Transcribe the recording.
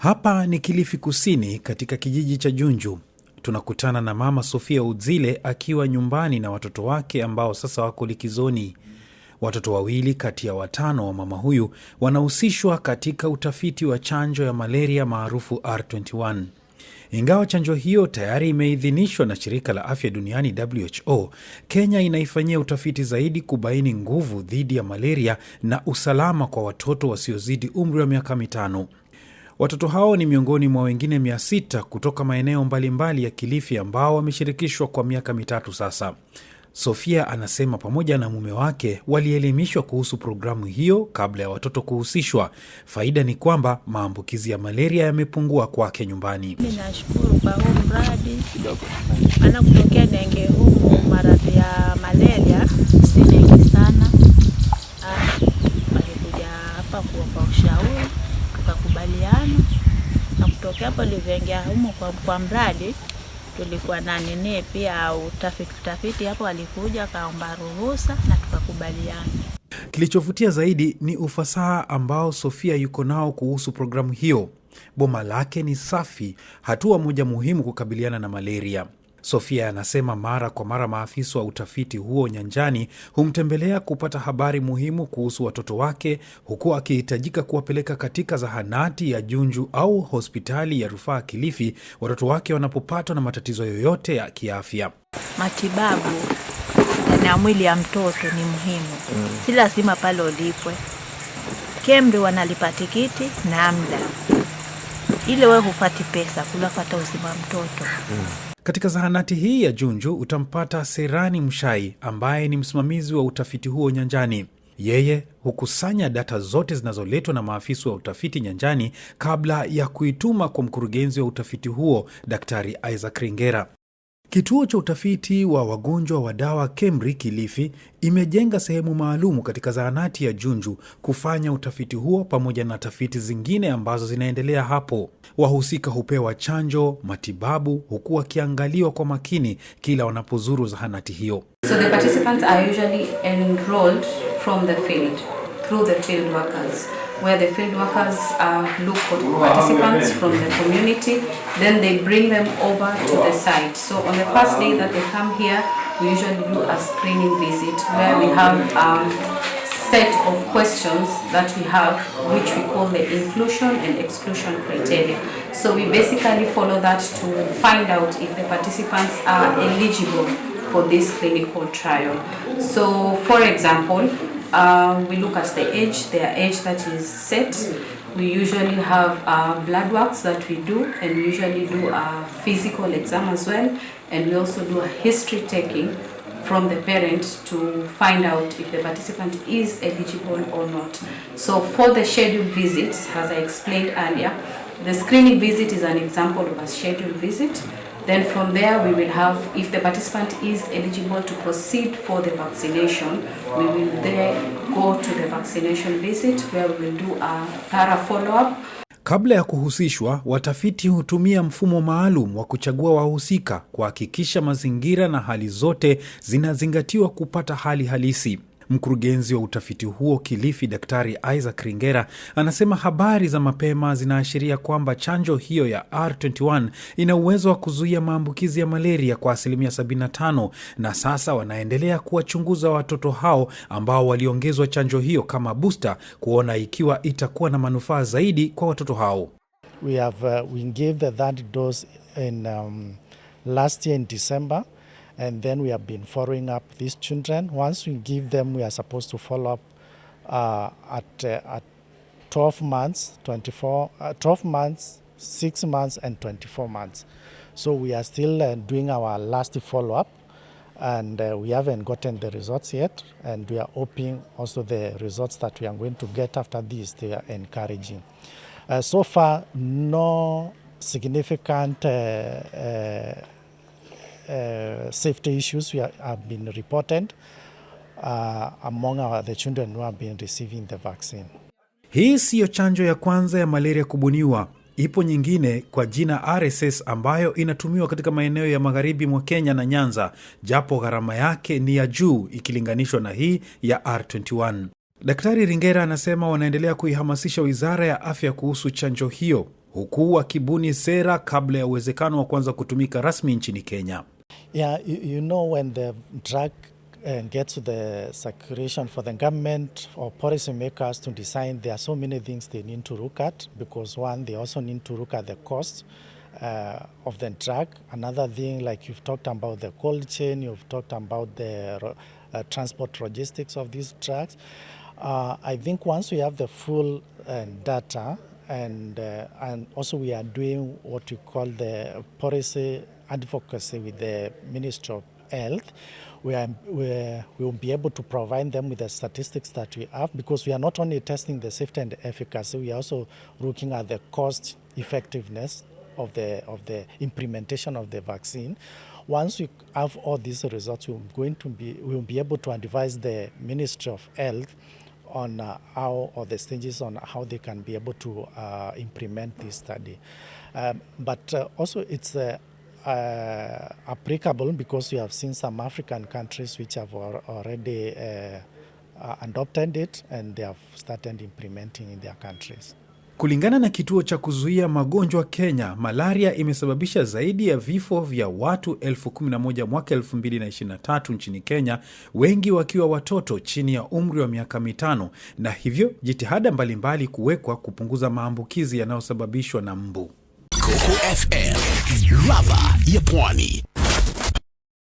Hapa ni Kilifi Kusini, katika kijiji cha Junju. Tunakutana na Mama Sofia Udzile akiwa nyumbani na watoto wake ambao sasa wako likizoni. Watoto wawili kati ya watano wa mama huyu wanahusishwa katika utafiti wa chanjo ya malaria maarufu R21. Ingawa chanjo hiyo tayari imeidhinishwa na shirika la afya duniani WHO, Kenya inaifanyia utafiti zaidi kubaini nguvu dhidi ya malaria na usalama kwa watoto wasiozidi umri wa miaka mitano. Watoto hao ni miongoni mwa wengine mia sita kutoka maeneo mbalimbali ya Kilifi ambao wameshirikishwa kwa miaka mitatu sasa. Sofia anasema pamoja na mume wake walielimishwa kuhusu programu hiyo kabla ya watoto kuhusishwa. Faida ni kwamba maambukizi ya malaria yamepungua kwake nyumbani. Mimi nashukuru kwa huu mradi, maana kutokea nenge humu maradhi ya malaria si mengi sana manake hapo nilivyoingia humu kwa, kwa mradi tulikuwa na nini pia utafiti utafiti, hapo alikuja akaomba ruhusa na tukakubaliana. Kilichovutia zaidi ni ufasaha ambao Sofia yuko nao kuhusu programu hiyo. Boma lake ni safi, hatua moja muhimu kukabiliana na malaria. Sofia anasema mara kwa mara maafisa wa utafiti huo nyanjani humtembelea kupata habari muhimu kuhusu watoto wake, huku akihitajika kuwapeleka katika zahanati ya Junju au hospitali ya rufaa Kilifi watoto wake wanapopatwa na matatizo yoyote ya kiafya. Matibabu na mwili ya mtoto ni muhimu mm. Si lazima pale ulipwe. KEMRI wanalipa tikiti na mda ile, we hufati pesa kulafata uzima mtoto mm. Katika zahanati hii ya Junju utampata Serani Mshai ambaye ni msimamizi wa utafiti huo nyanjani. Yeye hukusanya data zote zinazoletwa na maafisa wa utafiti nyanjani kabla ya kuituma kwa mkurugenzi wa utafiti huo Daktari Isaac Ringera. Kituo cha utafiti wa wagonjwa wa dawa KEMRI Kilifi imejenga sehemu maalumu katika zahanati ya Junju kufanya utafiti huo pamoja na tafiti zingine ambazo zinaendelea hapo. Wahusika hupewa chanjo, matibabu, huku wakiangaliwa kwa makini kila wanapozuru zahanati hiyo. So the participants are usually enrolled from the field, through the field workers. where the field workers uh, look for participants from the community, then they bring them over to the site. So on the first day that they come here, we usually do a screening visit where we have um, set of questions that we have, which we call the inclusion and exclusion criteria. So we basically follow that to find out if the participants are eligible for this clinical trial. So for example, um, we look at the age, their age that is set. We usually have uh, blood works that we do, and we usually do a physical exam as well, and we also do a history taking from the parent to find out if the participant is eligible or not. So for the scheduled visits, as I explained earlier, The screening visit is an example of a scheduled visit. Then from there we will have, if the participant is eligible to proceed for the vaccination, we will then go to the vaccination visit where we will do a thorough follow-up. Kabla ya kuhusishwa, watafiti hutumia mfumo maalum wa kuchagua wahusika kuhakikisha mazingira na hali zote zinazingatiwa kupata hali halisi. Mkurugenzi wa utafiti huo Kilifi, Daktari Isaac Ringera, anasema habari za mapema zinaashiria kwamba chanjo hiyo ya R21 ina uwezo wa kuzuia maambukizi ya malaria kwa asilimia 75, na sasa wanaendelea kuwachunguza watoto hao ambao waliongezwa chanjo hiyo kama booster kuona ikiwa itakuwa na manufaa zaidi kwa watoto hao. We have, uh, we gave dose in, um, last year in December. And then we have been following up these children. Once we give them, we are supposed to follow up uh, at, uh, at 12 months, 24, uh, 12 months, 6 months, and 24 months. So we are still uh, doing our last follow up, and uh, we haven't gotten the results yet. And we are hoping also the results that we are going to get after this they are encouraging. Uh, so far, no significant. Uh, uh, Uh, safety issues are, have been reported uh, among our, the children who have been receiving the vaccine. Hii siyo chanjo ya kwanza ya malaria kubuniwa. Ipo nyingine kwa jina RSS ambayo inatumiwa katika maeneo ya magharibi mwa Kenya na Nyanza, japo gharama yake ni ya juu ikilinganishwa na hii ya R21. Daktari Ringera anasema wanaendelea kuihamasisha wizara ya afya kuhusu chanjo hiyo, huku wakibuni sera kabla ya uwezekano wa kuanza kutumika rasmi nchini Kenya. Yeah, you, you know, when the drug uh, gets to the circulation for the government or policy makers to design, there are so many things they need to look at because one, they also need to look at the cost uh, of the drug. Another thing, like you've talked about the cold chain, you've talked about the uh, transport logistics of these drugs. Uh, I think once we have the full uh, data and, uh, and also we are doing what we call the policy advocacy with the Ministry of Health, we, are, we, will be able to provide them with the statistics that we have because we are not only testing the safety and efficacy, we are also looking at the cost effectiveness of the, of the implementation of the vaccine. Once we have all these results, we're going to be, we'll be able to advise the Ministry of Health on uh, how or the stages on how they can be able to uh, implement this study. Um, but uh, also it's uh, uh, applicable because we have seen some African countries which have already uh, adopted it and they have started implementing in their countries. Kulingana na kituo cha kuzuia magonjwa Kenya, malaria imesababisha zaidi ya vifo vya watu elfu kumi na moja mwaka elfu mbili na ishirini na tatu nchini Kenya, wengi wakiwa watoto chini ya umri wa miaka mitano, na hivyo jitihada mbalimbali kuwekwa kupunguza maambukizi yanayosababishwa na mbu. Coco FM, ladha ya pwani.